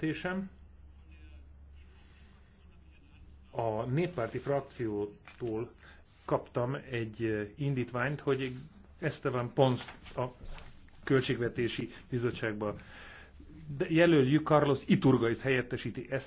jelentésem. A néppárti frakciótól kaptam egy indítványt, hogy Esteban Pons a költségvetési bizottságba de jelöljük Carlos Iturgaiszt helyettesíti ezt.